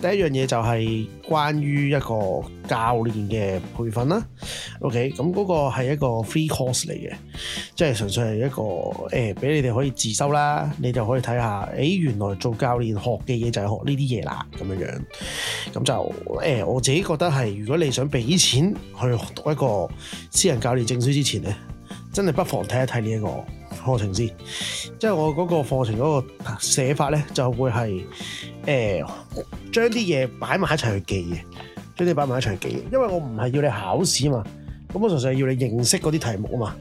第一樣嘢就係關於一個教練嘅培訓啦。OK，咁嗰個係一個 free course 嚟嘅，即係純粹係一個誒俾、欸、你哋可以自修啦。你就可以睇下，誒、欸、原來做教練學嘅嘢就係學呢啲嘢啦，咁樣樣。咁就誒、欸、我自己覺得係，如果你想俾錢去讀一個私人教練證書之前咧，真係不妨睇一睇呢一個。課程先，即係我嗰個課程嗰個寫法咧，就會係誒將啲嘢擺埋一齊去記嘅，將啲擺埋一齊去記嘅，因為我唔係要你考試啊嘛，咁我純粹要你認識嗰啲題目啊嘛，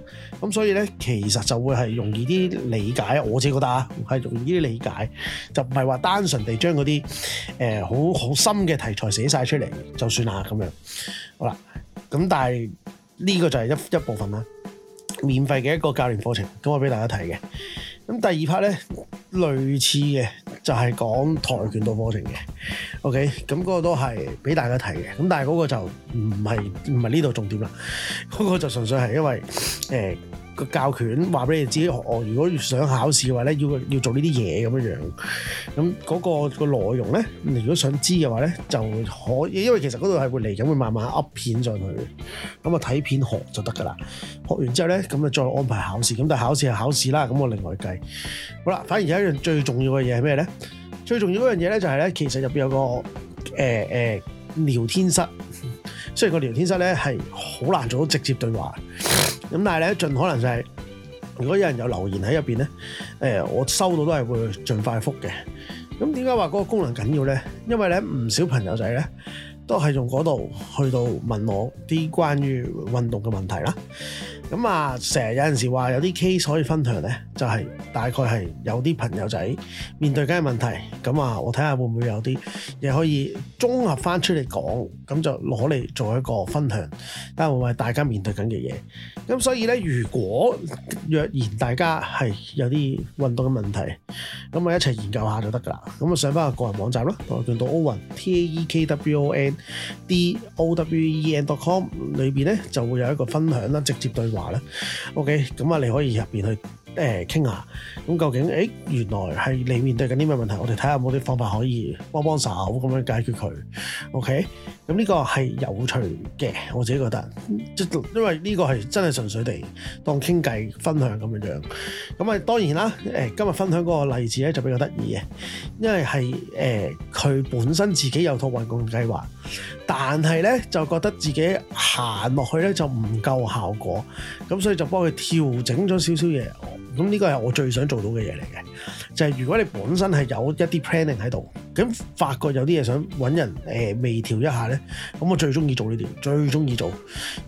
咁所以咧其實就會係容易啲理解，我自己覺得啊，係容易啲理解，就唔係話單純地將嗰啲誒好好深嘅題材寫晒出嚟就算啦咁樣。好啦，咁但係呢個就係一一部分啦。免費嘅一個教練課程，咁我俾大家睇嘅。咁第二 part 咧，類似嘅就係講跆拳道課程嘅。OK，咁嗰個都係俾大家睇嘅。咁但係嗰個就唔係唔係呢度重點啦。嗰個就純粹係因為誒。欸個教權話俾你哋自己學，如果要想考試嘅話咧，要要做呢啲嘢咁樣樣。咁嗰個個內容咧，你如果想知嘅話咧，就可以，因為其實嗰度係會嚟緊，會慢慢 up 片上去嘅。咁啊，睇片學就得噶啦。學完之後咧，咁啊再安排考試。咁但係考試係考試啦，咁我另外計好。好啦，反而有一樣最重要嘅嘢係咩咧？最重要嗰樣嘢咧就係、是、咧，其實入邊有個誒誒、欸欸、聊天室。雖然個聊天室咧係好難做到直接對話，咁但係咧盡可能就係，如果有人有留言喺入邊咧，誒我收到都係會盡快覆嘅。咁點解話嗰個功能緊要咧？因為咧唔少朋友仔咧都係用嗰度去到問我啲關於運動嘅問題啦。咁啊，成日有陣時話有啲 case 可以分享呢，就係大概係有啲朋友仔面對緊嘅問題，咁啊，我睇下會唔會有啲嘢可以綜合翻出嚟講，咁就攞嚟做一個分享，但係會唔會大家面對緊嘅嘢。咁所以呢，如果若然大家係有啲運動嘅問題，咁我們一齊研究一下就得㗎啦。咁我上翻個個人網站啦，我哋到 Owen T A E K W O N D O W E N dot com 裏邊呢就會有一個分享啦，直接對話啦。OK，咁你可以入面去。誒傾下，咁究竟誒原來係你面對緊啲咩問題？我哋睇下有冇啲方法可以幫幫手咁樣解決佢。OK，咁呢個係有趣嘅，我自己覺得，即因為呢個係真係純粹地當傾偈分享咁樣樣。咁啊當然啦，誒今日分享嗰個例子咧就比較得意嘅，因為係誒佢本身自己有套運動計劃，但係咧就覺得自己行落去咧就唔夠效果，咁所以就幫佢調整咗少少嘢。咁呢個係我最想做到嘅嘢嚟嘅，就係、是、如果你本身係有一啲 planning 喺度，咁發覺有啲嘢想揾人誒微調一下呢。咁我最中意做呢啲，最中意做，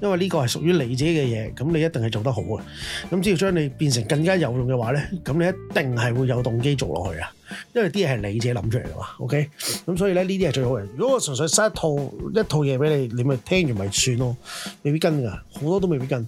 因為呢個係屬於你自己嘅嘢，咁你一定係做得好啊！咁只要將你變成更加有用嘅話呢，咁你一定係會有動機做落去啊！因為啲嘢係你自己諗出嚟嘅嘛，OK，咁所以咧呢啲係最好嘅。如果我純粹塞一套一套嘢俾你，你咪聽住咪算咯，未必跟噶，好多都未必跟。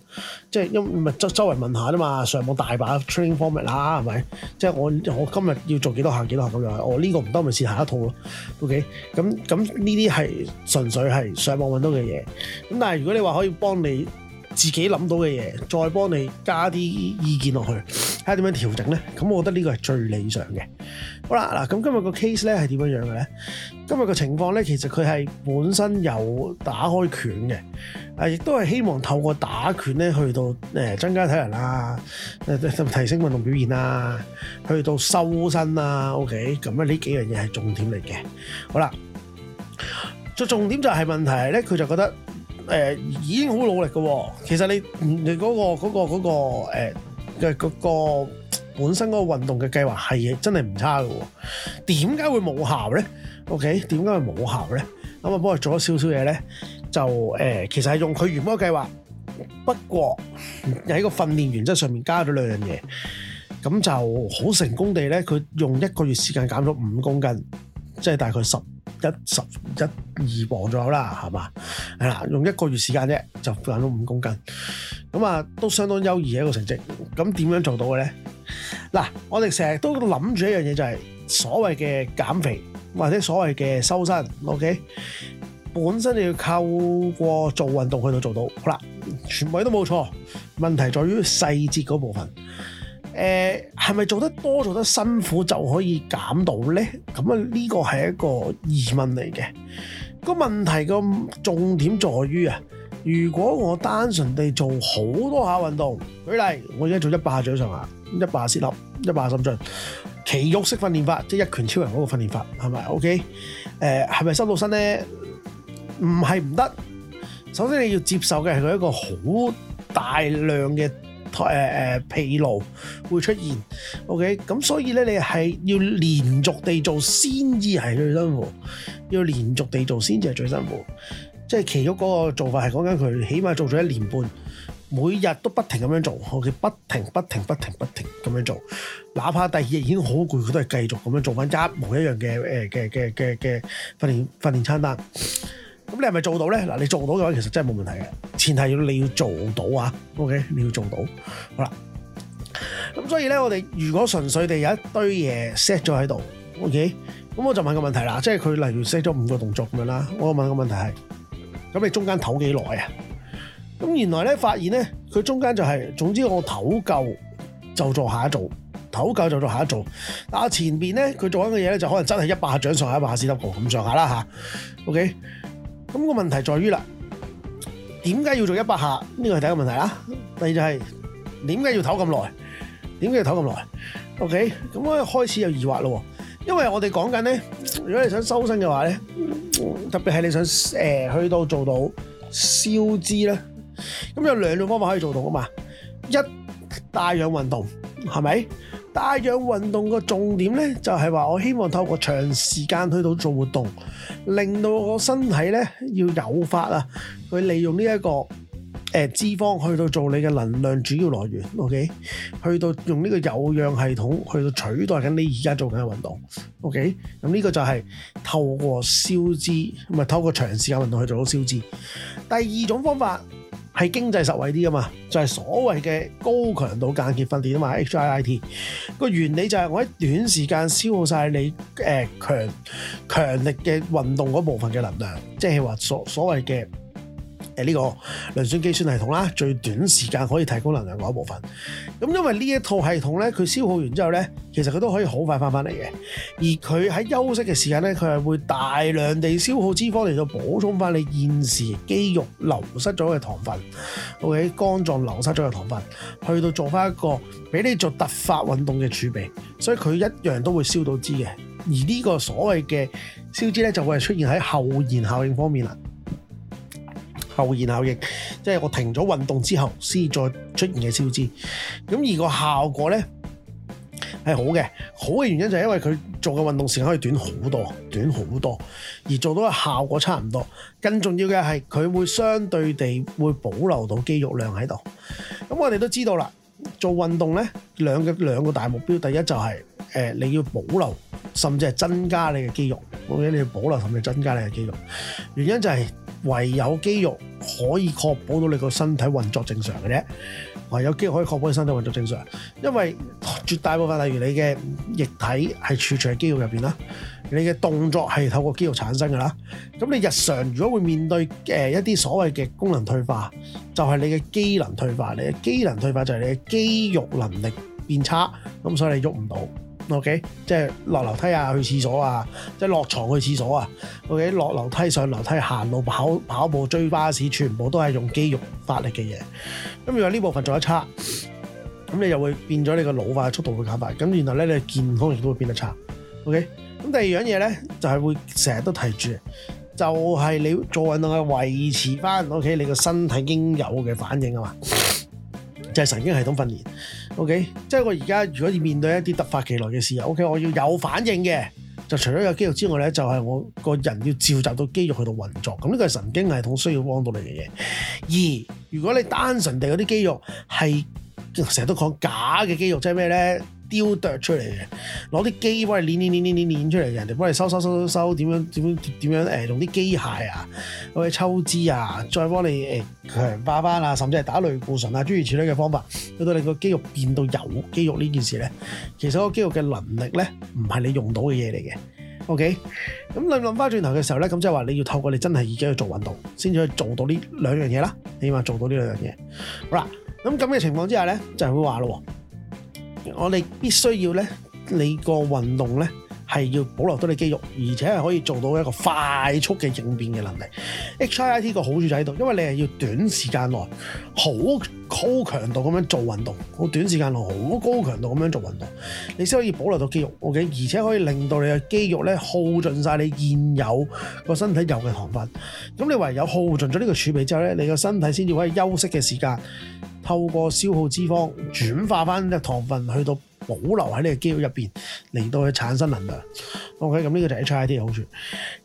即係因咪周周圍問一下啫嘛，上網大把 training format 啦，係咪？即係我我今日要做幾多行、幾多行咁樣，我呢個唔得咪試下一套咯，OK。咁咁呢啲係純粹係上網揾到嘅嘢。咁但係如果你話可以幫你，自己諗到嘅嘢，再幫你加啲意見落去，睇下點樣調整咧。咁我覺得呢個係最理想嘅。好啦，嗱，咁今日個 case 咧係點樣樣嘅咧？今日個情況咧，其實佢係本身有打開拳嘅，啊，亦都係希望透過打拳咧去到誒、呃、增加體能啊、呃，提升運動表現啊，去到修身啊，OK，咁啊呢幾樣嘢係重點嚟嘅。好啦，最重點就係問題咧，佢就覺得，誒已經好努力嘅，其實你你嗰個嗰個嗰個誒嘅嗰個本身嗰個運動嘅計劃係真係唔差嘅，點解會冇效咧？OK，點解會冇效咧？咁啊，幫佢做咗少少嘢咧，就誒其實係用佢原本嘅計劃，不過喺個訓練原則上面加咗兩樣嘢，咁就好成功地咧，佢用一個月時間減咗五公斤，即係大概十。一十一二磅左右啦，係嘛？係啦，用一個月時間啫，就減到五公斤。咁啊，都相當優異嘅一個成績。咁點樣做到嘅咧？嗱，我哋成日都諗住一樣嘢，就係所謂嘅減肥或者所謂嘅修身。OK，本身你要靠過做運動去到做到。好啦，全位都冇錯，問題在於細節嗰部分。誒。係咪做得多做得辛苦就可以減到呢？咁啊呢個係一個疑問嚟嘅。個問題個重點在於啊，如果我單純地做好多下運動，舉例，我而家做一百下掌上壓，一百下撕立，一百下深蹲，奇慾式訓練法，即係一拳超人嗰個訓練法，係咪？OK？誒、呃，係咪收到身呢？唔係唔得。首先你要接受嘅係佢一個好大量嘅。誒誒、呃、疲勞會出現，OK，咁所以咧，你係要連續地做先至係最辛苦，要連續地做先至係最辛苦。即係其中嗰個做法係講緊佢起碼做咗一年半，每日都不停咁樣做，佢不停不停不停不停咁樣做，哪怕第二日已經好攰，佢都係繼續咁樣做翻一模一樣嘅誒嘅嘅嘅嘅訓練訓練餐單。咁你係咪做到咧？嗱，你做到嘅話，其實真係冇問題嘅。前提要你要做到啊，OK，你要做到，好啦。咁所以咧，我哋如果純粹地有一堆嘢 set 咗喺度，OK，咁我就問個問題啦，即係佢例如 set 咗五個動作咁樣啦，我問個問題係，咁你中間唞幾耐啊？咁原來咧發現咧，佢中間就係、是、總之我唞夠就做下一組，唞夠就做下一組。但係前面咧佢做緊嘅嘢咧就可能真係一百下掌上一百下斯德哥咁上下啦吓 OK 咁個問題在於啦。點解要做一百下？呢個係第一個問題啦。第二就係點解要唞咁耐？點解要唞咁耐？OK，咁我開始有疑惑咯。因為我哋講緊咧，如果你想修身嘅話咧，特別係你想誒去到做到消脂咧，咁有兩種方法可以做到啊嘛。一帶氧運動係咪？帶氧運動個重點咧就係話，我希望透過長時間去到做活動，令到我身體咧要有發啊。佢利用呢、這、一個誒、呃、脂肪去到做你嘅能量主要來源，OK？去到用呢個有氧系統去到取代緊你而家做緊嘅運動，OK？咁呢個就係透過消脂，唔係透過長時間運動去做到消脂。第二種方法係經濟實惠啲㗎嘛，就係、是、所謂嘅高強度間歇訓練啊嘛 （HIIT）。個原理就係我喺短時間消耗晒你誒、呃、強強力嘅運動嗰部分嘅能量，即係話所所謂嘅。誒呢、這個磷酸肌酸系統啦，最短時間可以提供能量嗰一部分。咁因為呢一套系統咧，佢消耗完之後咧，其實佢都可以好快翻翻嚟嘅。而佢喺休息嘅時間咧，佢係會大量地消耗脂肪嚟到補充翻你現時肌肉流失咗嘅糖分，OK？肝臟流失咗嘅糖分，去到做翻一個俾你做突發運動嘅儲備。所以佢一樣都會燒到脂嘅。而呢個所謂嘅燒脂咧，就會係出現喺後燃效應方面啦。後燃效應，即係我停咗運動之後，先再出現嘅消脂。咁而個效果呢，係好嘅，好嘅原因就係因為佢做嘅運動時間可以短好多，短好多，而做到嘅效果差唔多。更重要嘅係佢會相對地會保留到肌肉量喺度。咁我哋都知道啦，做運動呢，兩個兩個大目標，第一就係、是、誒、呃、你要保留，甚至係增加你嘅肌肉。我哋你要保留同埋增加你嘅肌肉，原因就係、是。唯有肌肉可以確保到你個身體運作正常嘅啫。唯有肌肉可以確保你身體運作正常，因為絕大部分例如你嘅液體係儲存喺肌肉入邊啦，你嘅動作係透過肌肉產生㗎啦。咁你日常如果會面對誒一啲所謂嘅功能退化，就係你嘅機能退化。你嘅機能退化就係你嘅肌肉能力變差，咁所以你喐唔到。O.K. 即係落樓梯啊，去廁所啊，即係落床去廁所啊。O.K. 落樓梯上樓梯行路跑跑步追巴士，全部都係用肌肉發力嘅嘢。咁如果呢部分做得差，咁你又會變咗你個老化嘅速度會加快。咁然後咧，你嘅健康亦都會變得差。O.K. 咁第二樣嘢咧，就係、是、會成日都提住，就係、是、你做運動去維持翻。O.K. 你個身體應有嘅反應啊嘛。就係神經系統訓練，OK，即係我而家如果要面對一啲突發其來嘅事，OK，我要有反應嘅，就除咗有肌肉之外咧，就係我個人要召集到肌肉去到運作，咁呢個係神經系統需要幫到你嘅嘢。二，如果你單純地嗰啲肌肉係成日都講假嘅肌肉，即係咩咧？雕琢出嚟嘅，攞啲機幫你鍛鍛鍛鍛鍛出嚟嘅，人哋幫你收收收收收，點樣點樣點樣誒，用啲機械啊，幫你抽脂啊，再幫你誒強化翻啊，甚至係打類固醇啊，諸如此類嘅方法，去到你的肌肌個肌肉變到有肌肉呢件事咧，其實個肌肉嘅能力咧，唔係你用到嘅嘢嚟嘅。OK，咁你諗翻轉頭嘅時候咧，咁即係話你要透過你真係而家去做運動，先至可以做到呢兩樣嘢啦，起碼做到呢兩樣嘢。好啦，咁咁嘅情況之下咧，就係會話咯。我哋必須要呢，你個運動呢係要保留到你肌肉，而且係可以做到一個快速嘅應變嘅能力。HIIT 個好處就喺度，因為你係要短時間內好高強度咁樣做運動，好短時間內好高強度咁樣做運動，你先可以保留到肌肉，OK，而且可以令到你嘅肌肉呢耗盡晒你現有個身體有嘅糖分。咁你唯有耗盡咗呢個儲備之後呢，你個身體先至可以休息嘅時間。透過消耗脂肪轉化翻啲糖分去到保留喺呢個肌肉入面，嚟到去產生能量。OK，咁呢個就係 h i t 好處。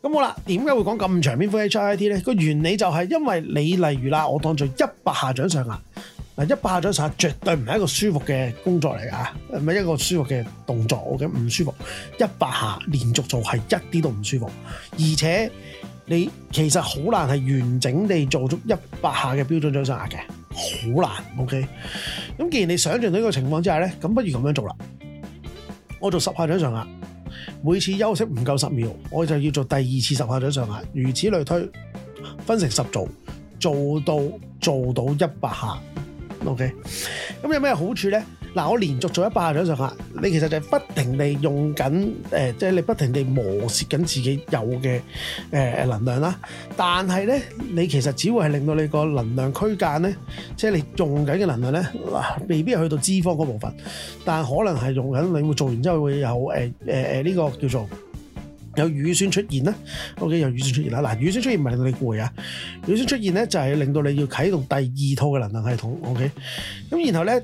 咁好啦，點解會講咁長篇幅 h i t 咧？個原理就係因為你例如啦，我當做一百下掌上壓。嗱，一百下掌上壓絕對唔係一個舒服嘅工作嚟㗎，唔係一個舒服嘅動作，我嘅唔舒服。一百下連續做係一啲都唔舒服，而且你其實好難係完整地做足一百下嘅標準掌上壓嘅。好難，OK。咁既然你想象到呢個情況之下咧，咁不如咁樣做啦。我做十下掌上壓，每次休息唔夠十秒，我就要做第二次十下掌上壓，如此類推，分成十做，做到做到一百下，OK。咁有咩好處咧？嗱、啊，我連續做一百下掌上壓，你其實就係不停地用緊誒，即、呃、係、就是、你不停地磨蝕緊自己有嘅誒、呃、能量啦。但係咧，你其實只會係令到你個能量區間咧，即、就、係、是、你用緊嘅能量咧，嗱、呃，未必係去到脂肪嗰部分，但係可能係用緊你會做完之後會有誒誒誒呢個叫做有乳酸出現啦。O K，有乳酸出現啦，嗱、呃，乳酸出現唔係令到你攰啊，乳酸出現咧就係、是、令到你要啟動第二套嘅能量系統。O K，咁然後咧。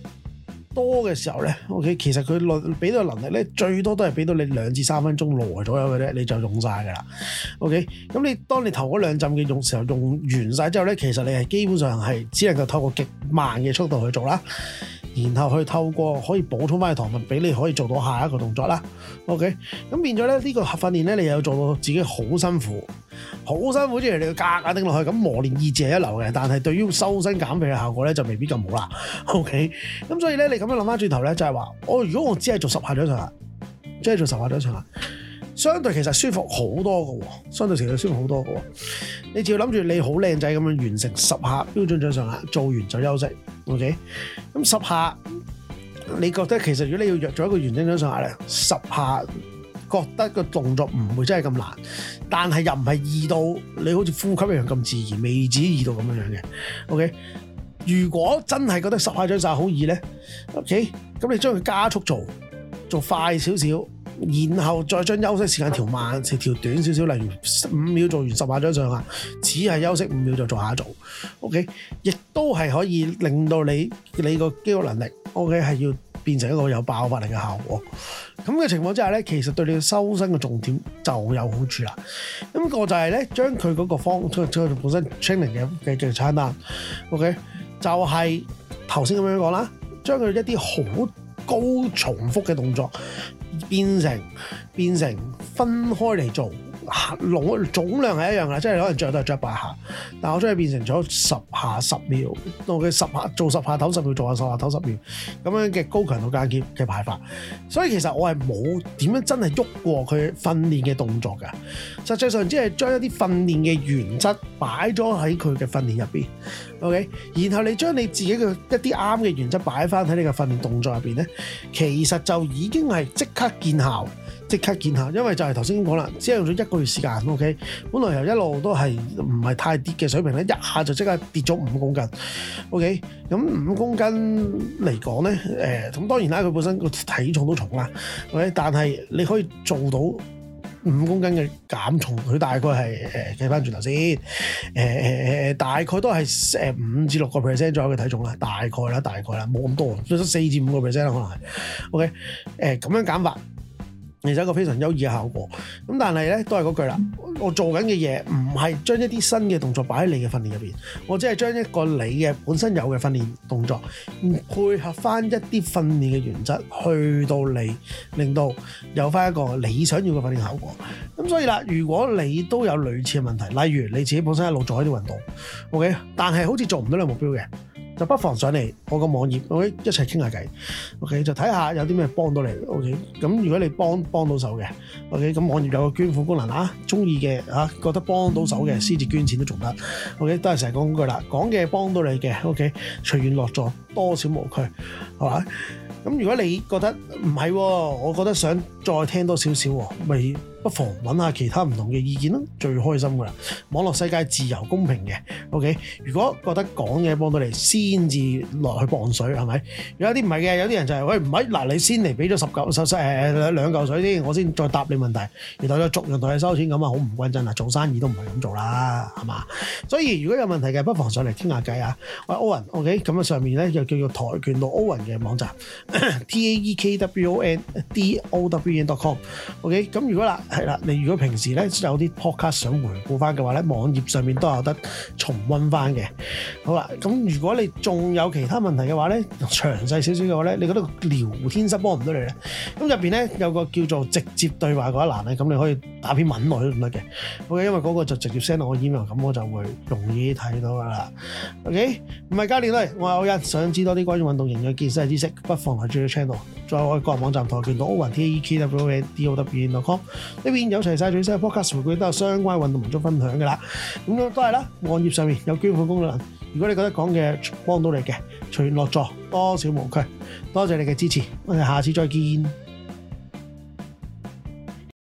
多嘅時候呢，OK，其實佢能俾到嘅能力呢，最多都係俾到你兩至三分鐘內左右嘅啫，你就用晒㗎啦。OK，咁你當你頭嗰兩浸嘅用時候，用完晒之後呢，其實你係基本上係只能夠透過極慢嘅速度去做啦。然後去透過可以補充翻嘅糖分，俾你可以做到下一個動作啦。OK，咁變咗咧、這個、呢個訓練咧，你又要做到自己好辛苦，好辛苦之後，即係你要格硬頂落去，咁磨練意志係一流嘅，但係對於修身減肥嘅效果咧，就未必咁好啦。OK，咁所以咧，你咁樣諗翻轉頭咧，就係、是、話，我如果我只係做十下掌上壓，只係做十下掌上壓。相對其實舒服好多嘅喎，相對程度舒服好多嘅喎。你只要諗住你好靚仔咁樣完成十下標準掌上壓，做完就休息。O K，咁十下，你覺得其實如果你要約咗一個完整掌上壓咧，十下覺得個動作唔會真係咁難，但係又唔係易到你好似呼吸一樣咁自然，未至於易到咁樣嘅。O K，如果真係覺得十下掌上壓好易咧，O K，咁你將佢加速做，做快少少，然後再將休息時間調慢，調短少少，例如五秒做完十下掌上壓，只係休息五秒就做下一組。O.K.，亦都係可以令到你你個肌肉能力，O.K. 係要變成一個有爆發力嘅效果。咁嘅情況之下咧，其實對你嘅收身嘅重點就有好處啦。咁、那個就係咧，將佢嗰個方，將將本身 training 嘅嘅嘅餐單，O.K. 就係頭先咁樣講啦，將佢一啲好高重複嘅動作。變成變成分開嚟做總、啊、總量係一樣嘅，即係可能着到都係百下，但我將佢變成咗十下十秒，到佢十下做十下唞十秒，做下十下唞十秒咁樣嘅高強度間歇嘅排法。所以其實我係冇點樣真係喐過佢訓練嘅動作㗎。實際上即係將一啲訓練嘅原則擺咗喺佢嘅訓練入面。O、okay? K，然後你將你自己嘅一啲啱嘅原則擺翻喺你嘅訓練動作入面，咧，其實就已經係即刻見效，即刻見效。因為就係頭先講啦，只係用咗一個月時間。O、okay? K，本來由一路都係唔係太跌嘅水平咧，一下就即刻跌咗五公斤。O K，咁五公斤嚟講咧，誒、呃、咁當然啦，佢本身個體重都重啦，k、okay? 但係你可以做到。五公斤嘅減重，佢大概係誒計翻轉頭先，誒誒誒，大概都係誒五至六個 percent 左右嘅體重啦，大概啦，大概啦，冇咁多，最多四至五個 percent 啦，可能，OK，誒、欸、咁樣減法。其實一個非常優異嘅效果咁，但係咧都係嗰句啦。我做緊嘅嘢唔係將一啲新嘅動作擺喺你嘅訓練入邊，我只係將一個你嘅本身有嘅訓練動作，配合翻一啲訓練嘅原則，去到你令到有翻一個你想要嘅訓練效果。咁所以啦，如果你都有類似嘅問題，例如你自己本身一路做喺度運動，OK，但係好似做唔到你目標嘅。就不妨上嚟我個網頁，OK，一齊傾下偈，OK，就睇下有啲咩幫到你，OK，咁如果你幫幫到手嘅，OK，咁網頁有個捐款功能啊，中意嘅啊，覺得幫到手嘅，先至捐錢都仲得，OK，都係成日講嗰句啦，講嘅幫到你嘅，OK，隨緣樂助，多少無拘，係嘛？咁如果你覺得唔係喎，我覺得想再聽多少少喎，咪，不妨揾下其他唔同嘅意見啦，最開心噶啦！網絡世界自由公平嘅，OK。如果覺得講嘢幫到你，先至落去磅水，係咪？有啲唔係嘅，有啲人就係、是、喂唔係嗱，你先嚟俾咗十嚿十誒兩嚿水先，我先再答你問題。而袋咗足，又同你收錢，咁啊好唔均真啊！做生意都唔係咁做啦，係嘛？所以如果有問題嘅，不妨上嚟傾下偈啊！喂，歐文，OK。咁啊，上面咧就叫做跆拳道歐文嘅網站 ，T A E K W O N D O W E N dot com。OK。咁如果啦係啦，你如果平時咧有啲 podcast 想回顧翻嘅話咧，網頁上面都有得重溫翻嘅。好啦，咁如果你仲有其他問題嘅話咧，詳細少少嘅話咧，你覺得聊天室幫唔到你咧？咁入邊咧有個叫做直接對話嗰一欄咧，咁你可以打篇文落去都唔得嘅。OK，因為嗰個就直接 send 落我 email，咁我就會容易睇到噶啦。OK，唔係嘉聯都嚟，我係歐雲，想知多啲關於運動營養、健身嘅知識，不妨去追佢 channel，再落去個人網站跆拳道歐雲 T A E K W O N D O W E N 呢邊有齊晒最新嘅 podcast 回顧，都有相關運動文章分享㗎啦。咁都係啦，網頁上面有捐款功能。如果你覺得講嘅幫到你嘅，隨緣樂助，多少無拘。多謝你嘅支持，我哋下次再見。